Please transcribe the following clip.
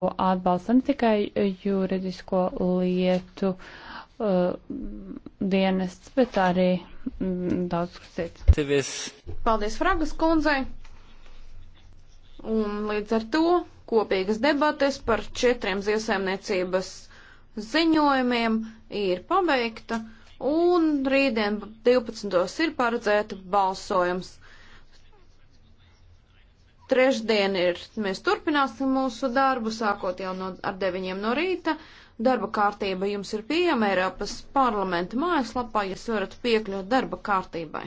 atbalsta ne tikai juridisko lietu uh, dienests, bet arī mm, daudz kas cits. Tevies. Paldies Fragas kundzei! Un līdz ar to kopīgas debates par četriem ziesēmniecības ziņojumiem ir pabeigta, un rītdien 12. ir paredzēta balsojums. Trešdien ir, mēs turpināsim mūsu darbu, sākot jau no, ar 9 no rīta. Darba kārtība jums ir pieejama Eiropas parlamenta mājaslapā, jūs varat piekļūt darba kārtībai.